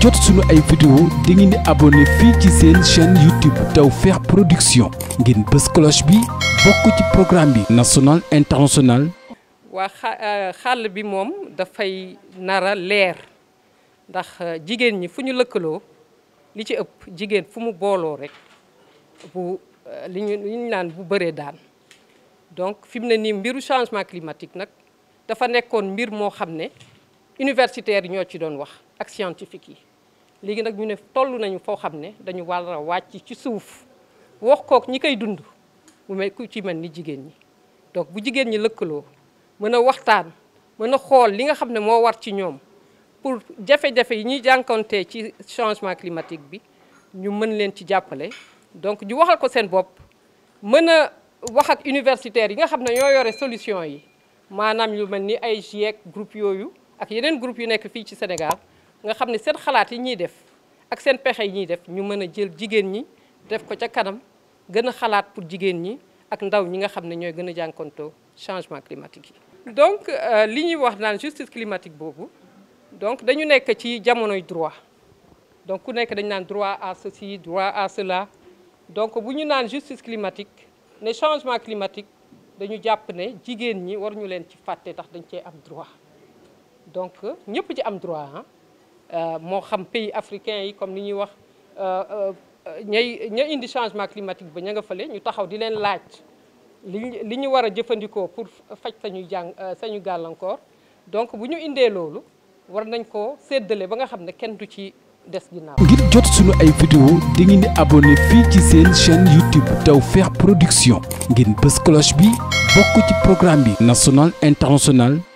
jot suñu ay vidéo da ngeen di abonné fii ci seen chaîne YouTube Tawfekh Production ngeen bës cloche bi bokk ci programme bi national international waa euh, xàll bi moom dafay nara leer ndax euh, jigéen ñi fu ñu lëkkaloo li ci ëpp jigéen fu mu booloo rek bu euh, li ñu li ñu naan bu bëree daan donc fi mu ne nii mbiru changement climatique nag dafa nekkoon mbir moo xam ne universitaire yi ñoo ci doon wax ak scientifique yi léegi nag ñu ne toll nañu foo xam ne dañu war wàcc ci suuf wax kook ñi koy dund mu mel ku ci mel ni jigéen ñi donc bu jigéen ñi lëkkaloo mën a waxtaan mën a xool li nga xam ne moo war ci ñoom pour jafe-jafe yi ñuy jànkontee ci changement climatique bi ñu mën leen ci jàppale donc ñu waxal ko seen bopp mën a wax ak universitaires yi nga xam ne ñoo yore solution yi maanaam yu mel ni ay GIEC groupe yooyu ak yeneen groupe yu nekk fii ci Sénégal nga xam ne seen xalaat yi ñuy def ak seen pexe yi ñuy def ñu mën a jël jigéen ñi def ko ca kanam gën a xalaat pour jigéen ñi ak ndaw ñi nga xam ne ñooy gën a jànkontoo changement climatique yi. donc euh, li ñuy wax naan justice climatique boobu donc dañu nekk ci jamonoy droit donc ku nekk dañu naan droit à ceci droit à cela donc bu ñu naan justice climatique ne changement climatique dañu jàpp ne jigéen ñi waruñu leen ci fàtte tax dañ cee am droit donc ñëpp ci am droit ah. Euh, moo xam pays africain yi comme ni ñuy wax euh, euh, ñay ña indi changement climatique ba ña nga fële ñu taxaw di leen laaj li li ñu war a jëfandikoo pour faj sañuy jàng sañu gàllankoor donc bu ñu indee loolu war nañ ko séddale ba nga xam ne kenn du ci des ginnaaw. ngir jot suñu ay vidéo di ngeen di abonné fii ci seen chaîne YouTube feex Production ngeen bës cloche bi bokk ci programme bi national international